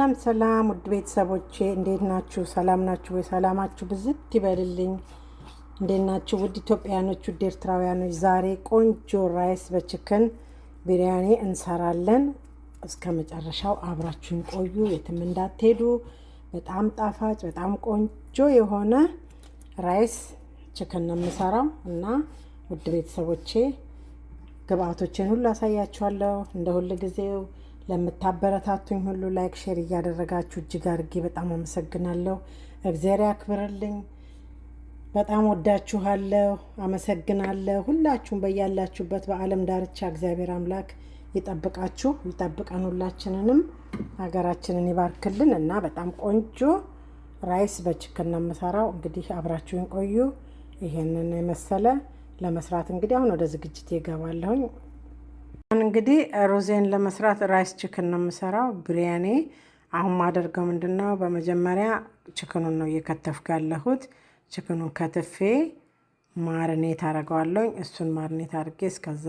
ሰላም ሰላም፣ ውድ ቤተሰቦቼ እንዴት ናችሁ? ሰላም ናችሁ ወይ? ሰላማችሁ ብዝት ይበልልኝ። እንዴት ናችሁ? ውድ ኢትዮጵያኖች፣ ውድ ኤርትራውያኖች፣ ዛሬ ቆንጆ ራይስ በችክን ቢሪያኒ እንሰራለን። እስከ መጨረሻው አብራችሁን ቆዩ፣ የትም እንዳትሄዱ። በጣም ጣፋጭ፣ በጣም ቆንጆ የሆነ ራይስ ችክን ነው የምሰራው እና ውድ ቤተሰቦቼ ግብአቶችን ሁሉ አሳያችኋለሁ እንደ ሁል ጊዜው ለምታበረታቱኝ ሁሉ ላይክ፣ ሼር እያደረጋችሁ እጅግ አድርጌ በጣም አመሰግናለሁ። እግዚአብሔር ያክብርልኝ። በጣም ወዳችኋለሁ፣ አመሰግናለሁ። ሁላችሁም በያላችሁበት በዓለም ዳርቻ እግዚአብሔር አምላክ ይጠብቃችሁ፣ ይጠብቀን፣ ሁላችንንም ሀገራችንን ይባርክልን እና በጣም ቆንጆ ራይስ በችክን ነው የምሰራው። እንግዲህ አብራችሁን ቆዩ። ይሄንን የመሰለ ለመስራት እንግዲህ አሁን ወደ ዝግጅት ይገባለሁኝ። እንግዲህ ሩዜን ለመስራት ራይስ ችክን ነው የምሰራው። ብሪያኔ አሁን ማደርገው ምንድን ነው፣ በመጀመሪያ ችክኑን ነው እየከተፍኩ ያለሁት። ችክኑን ከትፌ ማርኔት አደርገዋለሁኝ። እሱን ማርኔት አድርጌ እስከዛ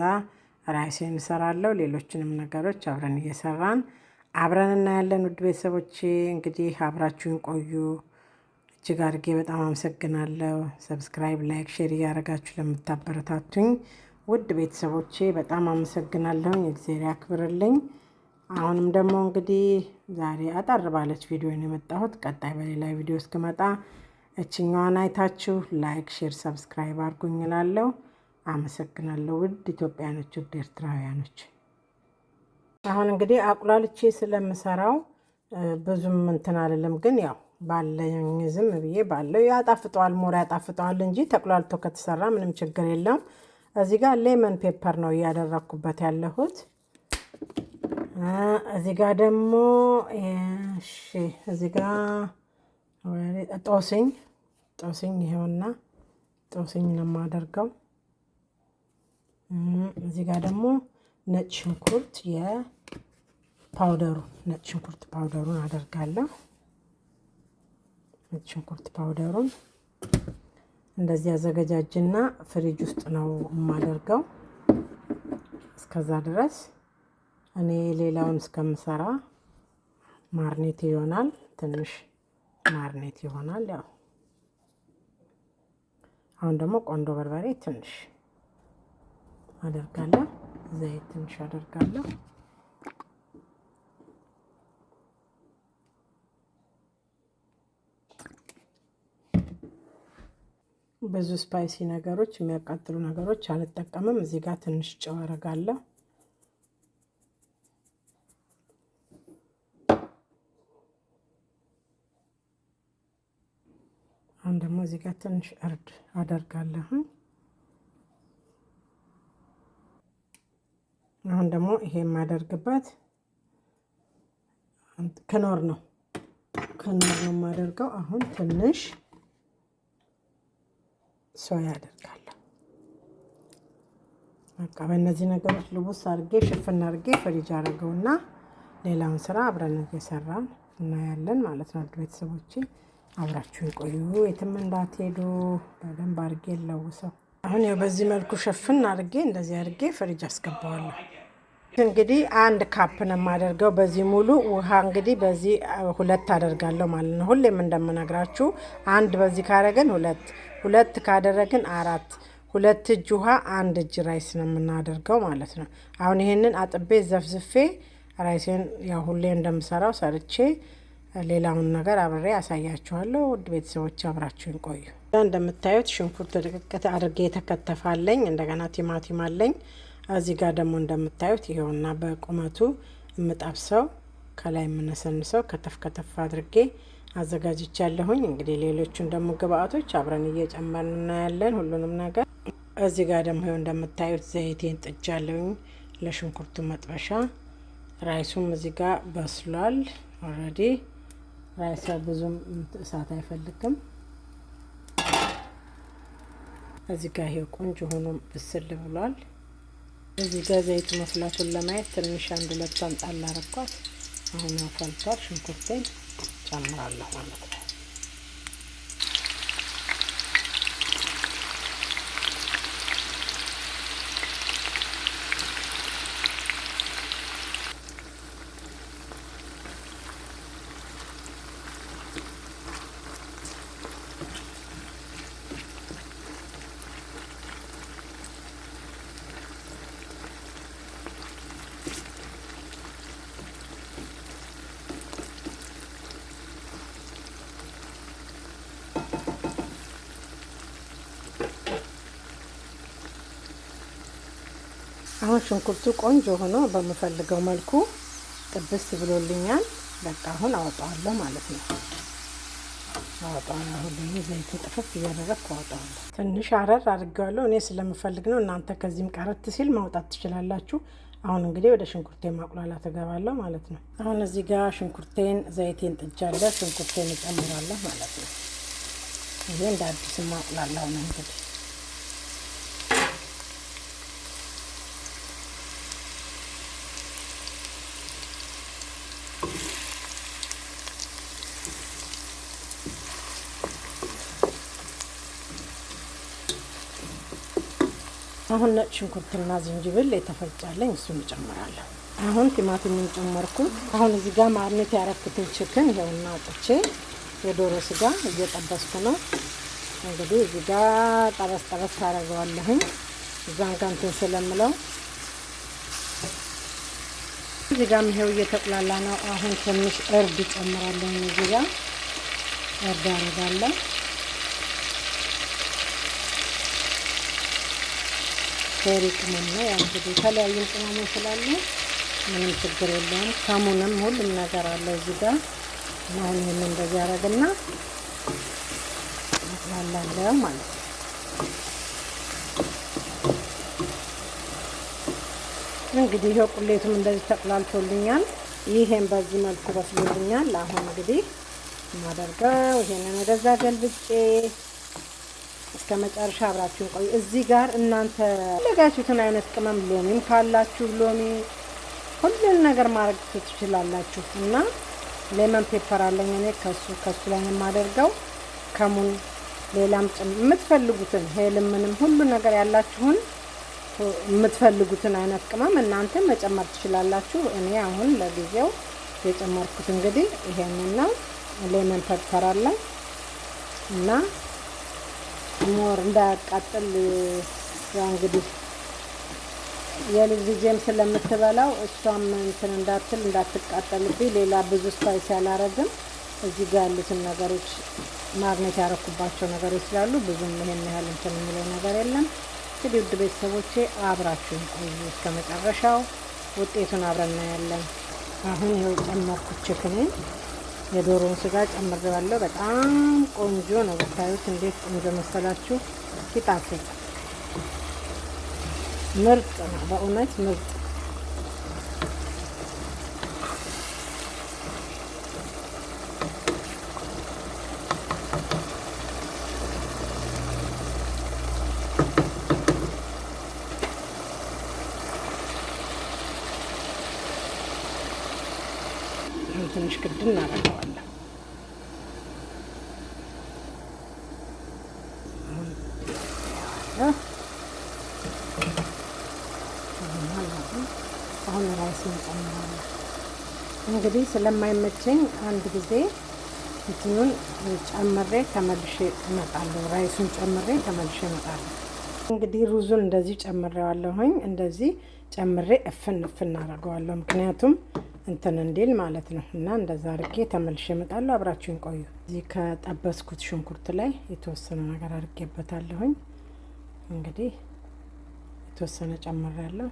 ራይሴን እሰራለሁ። ሌሎችንም ነገሮች አብረን እየሰራን አብረን እናያለን። ውድ ቤተሰቦቼ እንግዲህ አብራችሁን ቆዩ። እጅግ አድርጌ በጣም አመሰግናለሁ። ሰብስክራይብ፣ ላይክ፣ ሼር እያደረጋችሁ ለምታበረታቱኝ ውድ ቤተሰቦቼ በጣም አመሰግናለሁ። እግዚአብሔር ያክብርልኝ። አሁንም ደግሞ እንግዲህ ዛሬ አጠር ባለች ቪዲዮ ነው የመጣሁት። ቀጣይ በሌላ ቪዲዮ እስክመጣ እችኛዋን አይታችሁ ላይክ፣ ሼር፣ ሰብስክራይብ አድርጉኝ እላለሁ። አመሰግናለሁ። ውድ ኢትዮጵያኖች፣ ውድ ኤርትራውያኖች አሁን እንግዲህ አቁላልቼ ስለምሰራው ብዙም እንትን አልልም፣ ግን ያው ባለኝ ዝም ብዬ ባለው ያጣፍጠዋል፣ ሞር ያጣፍጠዋል እንጂ ተቁላልቶ ከተሰራ ምንም ችግር የለም። እዚህ ጋር ሌመን ፔፐር ነው እያደረግኩበት ያለሁት። እዚህ ጋር ደግሞ እዚህ ጋር ጦስኝ ጦስኝ ይሄውና ጦስኝ ነው የማደርገው። እዚህ ጋር ደግሞ ነጭ ሽንኩርት የፓውደሩ ነጭ ሽንኩርት ፓውደሩን አደርጋለሁ። ነጭ ሽንኩርት ፓውደሩን እንደዚህ አዘገጃጅና ፍሪጅ ውስጥ ነው የማደርገው። እስከዛ ድረስ እኔ ሌላውን እስከምሰራ ማርኔት ይሆናል፣ ትንሽ ማርኔት ይሆናል። ያው አሁን ደግሞ ቆንዶ በርበሬ ትንሽ አደርጋለሁ፣ ዘይት ትንሽ አደርጋለሁ። ብዙ ስፓይሲ ነገሮች የሚያቃጥሉ ነገሮች አልጠቀምም። እዚህ ጋር ትንሽ ጨው አረጋለሁ። አሁን ደግሞ እዚህ ጋር ትንሽ እርድ አደርጋለሁ። አሁን ደግሞ ይሄ የማደርግበት ክኖር ነው። ክኖር ነው የማደርገው አሁን ትንሽ ሰው ያደርጋለ በቃ በእነዚህ ነገሮች ልቡስ አድርጌ ሽፍን አድርጌ ፍሪጅ አድርገውና ሌላውን ስራ አብረን እየሰራን እናያለን ማለት ነው። ውድ ቤተሰቦቼ አብራችሁ የቆዩ የትም እንዳትሄዱ በደንብ አድርጌ ለውሰው። አሁን ያው በዚህ መልኩ ሸፍን አድርጌ እንደዚህ አድርጌ ፍሪጅ አስገባዋለሁ። እንግዲህ አንድ ካፕ ነው የማደርገው። በዚህ ሙሉ ውሃ እንግዲህ በዚህ ሁለት አደርጋለሁ ማለት ነው። ሁሌም እንደምነግራችሁ አንድ በዚህ ካደረግን ሁለት ሁለት ካደረግን አራት ሁለት እጅ ውሃ አንድ እጅ ራይስ ነው የምናደርገው ማለት ነው። አሁን ይሄንን አጥቤ ዘፍዝፌ ራይሴን ያው ሁሌ እንደምሰራው ሰርቼ ሌላውን ነገር አብሬ አሳያችኋለሁ። ውድ ቤተሰቦች አብራችሁን ቆዩ። እንደምታዩት ሽንኩርት ድቅቅት አድርጌ የተከተፋለኝ። እንደገና ቲማቲም አለኝ እዚህ ጋር ደግሞ እንደምታዩት ይሄውና በቁመቱ የምጠብሰው ከላይ የምነሰንሰው ከተፍ ከተፍ አድርጌ አዘጋጅቻ ያለሁኝ። እንግዲህ ሌሎቹን ደግሞ ግብአቶች አብረን እየጨመርን እናያለን ሁሉንም ነገር። እዚህ ጋር ደግሞ ይኸው እንደምታዩት ዘይቴን ጥጃ ያለሁኝ ለሽንኩርቱ መጥበሻ። ራይሱም እዚህ ጋር በስሏል ኦልሬዲ። ራይሳ ብዙም እሳት አይፈልግም። እዚህ ጋር ይኸው ቆንጆ ሆኖ ብስል ብሏል። እዚህ ጋር ዘይቱ መፍላቱን ለማየት ትንሽ አንድ ሁለት ጣል አረኳት። አሁን አፈልቷል። ሽንኩርቴን ጨምራለሁ ማለት ነው። አሁን ሽንኩርቱ ቆንጆ ሆኖ በምፈልገው መልኩ ጥብስ ብሎልኛል። በቃ አሁን አወጣዋለሁ ማለት ነው። አወጣዋለሁ አሁን ዘይት ጥፍፍ እያደረግኩ አወጣዋለሁ። ትንሽ አረር አድርጌዋለሁ እኔ ስለምፈልግ ነው። እናንተ ከዚህም ቀረት ሲል ማውጣት ትችላላችሁ። አሁን እንግዲህ ወደ ሽንኩርቴ ማቁላላት እገባለሁ ማለት ነው። አሁን እዚህ ጋር ሽንኩርቴን ዘይቴን ጥጃለሁ። ሽንኩርቴን እጨምራለሁ ማለት ነው። ይሄ እንደ አዲስ ማቁላላው ነው እንግዲህ አሁን ነጭ ሽንኩርትና ዝንጅብል የተፈጫለኝ እሱን እጨምራለሁ። አሁን ቲማቲሙን ጨመርኩ። አሁን እዚህ ጋር ማርኔት ያረኩትን ችክን ይኸውና አውጥቼ የዶሮ ስጋ እየጠበስኩ ነው። እንግዲህ እዚህ ጋር ጠበስ ጠበስ ታደርገዋለሁኝ እዛን ጋር እንትን ስለምለው እዚህ ጋር ይሄው እየተቁላላ ነው። አሁን ትንሽ እርድ ጨምራለሁኝ። እዚህ ጋር እርድ አረጋለሁ ፌሪ ቅመም ነው። ያው እንግዲህ የተለያዩ ቅመሞች ስላሉ ምንም ችግር የለውም። ሳሙንም ሁሉም ነገር አለ እዚህ ጋር አሁን ይህን እንደዚህ ያደረግና ያላለው ማለት ነው። እንግዲህ ይሄ ቁሌቱም እንደዚህ ተቁላልቶልኛል። ይሄን በዚህ መልኩ በስሎልኛል። አሁን እንግዲህ ማደርገው ይሄንን ወደዛ ገልብጬ እስከ መጨረሻ አብራችሁን ቆዩ። እዚህ ጋር እናንተ ፈለጋችሁትን አይነት ቅመም ሎሚም ካላችሁ ሎሚ፣ ሁሉን ነገር ማድረግ ትችላላችሁ እና ሌመን ፔፐር አለኝ እኔ ከሱ ከሱ ላይ የማደርገው። ከሙን ሌላም የምትፈልጉትን ሄል፣ ምንም ሁሉ ነገር ያላችሁን የምትፈልጉትን አይነት ቅመም እናንተ መጨመር ትችላላችሁ። እኔ አሁን ለጊዜው የጨመርኩት እንግዲህ ይሄንን ነው። ሌመን ፔፐር አለኝ እና ሞር እንዳያቃጥል ያው እንግዲህ የልጅ ልጄም ስለምትበላው እሷም እንትን እንዳትል እንዳትቃጠልብኝ ሌላ ብዙ ስፓይስ ያላረግም። እዚህ ጋር ያሉትን ነገሮች ማግኘት ያረኩባቸው ነገሮች ስላሉ ብዙም ይሄን ያህል እንትን የሚለው ነገር የለም። እንግዲህ ውድ ቤተሰቦቼ አብራችሁን ቆዩ እስከ መጨረሻው፣ ውጤቱን አብረን እናያለን። አሁን ይኸው ጨመርኩ ችክኔን የዶሮውን ስጋ ጨምሬዋለሁ። በጣም ቆንጆ ነው። ብታዩት እንዴት ቆንጆ መሰላችሁ! ይጣፍጥ ምርጥ ነው። በእውነት ምርጥ አሁን ትንሽ ክድ እናደርገዋለን። አሁን ራይስ እንጨምራለን። እንግዲህ ስለማይመቸኝ አንድ ጊዜ እንትኑን ጨምሬ ተመልሼ እመጣለሁ። ራይሱን ጨምሬ ተመልሼ እመጣለሁ። እንግዲህ ሩዙን እንደዚህ ጨምሬዋለሁኝ። እንደዚህ ጨምሬ እፍን እፍን አደርገዋለሁ ምክንያቱም እንትን እንዲል ማለት ነው። እና እንደዛ አድርጌ ተመልሼ እመጣለሁ። አብራችሁን ቆዩ። እዚህ ከጠበስኩት ሽንኩርት ላይ የተወሰነ ነገር አድርጌበታለሁኝ። እንግዲህ የተወሰነ ጨምሬያለሁ።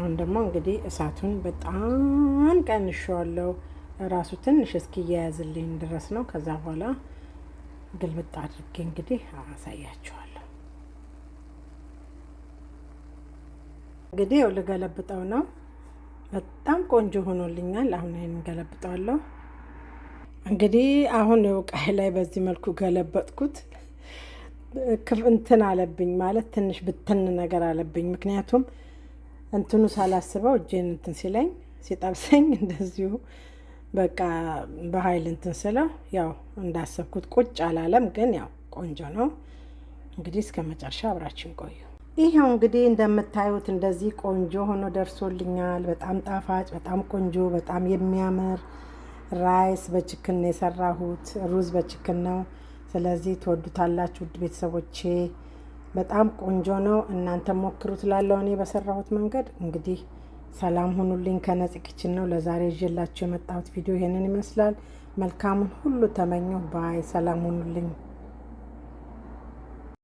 አሁን ደግሞ እንግዲህ እሳቱን በጣም ቀንሼዋለሁ። ራሱ ትንሽ እያያዝልኝ ድረስ ነው። ከዛ በኋላ ግልብጥ አድርጌ እንግዲህ አሳያችኋል። እንግዲህ ያው ልገለብጠው ነው። በጣም ቆንጆ ሆኖልኛል። አሁን ይህን ገለብጠዋለሁ። እንግዲህ አሁን ውቃይ ላይ በዚህ መልኩ ገለበጥኩት። እንትን አለብኝ ማለት ትንሽ ብትን ነገር አለብኝ። ምክንያቱም እንትኑ ሳላስበው እጄን እንትን ሲለኝ ሲጠብሰኝ እንደዚሁ በቃ በኃይል እንትን ስለው ያው እንዳሰብኩት ቁጭ አላለም። ግን ያው ቆንጆ ነው። እንግዲህ እስከ መጨረሻ አብራችን ቆዩ። ይሄው እንግዲህ እንደምታዩት እንደዚህ ቆንጆ ሆኖ ደርሶልኛል። በጣም ጣፋጭ፣ በጣም ቆንጆ፣ በጣም የሚያምር ራይስ በችክን ነው የሰራሁት። ሩዝ በችክን ነው። ስለዚህ ትወዱታላችሁ ውድ ቤተሰቦቼ። በጣም ቆንጆ ነው። እናንተ ሞክሩት ላለው እኔ በሰራሁት መንገድ እንግዲህ ሰላም ሁኑልኝ። ከነጽ ኪችን ነው ለዛሬ ይዤላችሁ የመጣሁት ቪዲዮ ይሄንን ይመስላል። መልካሙን ሁሉ ተመኘሁ። ባይ። ሰላም ሁኑልኝ።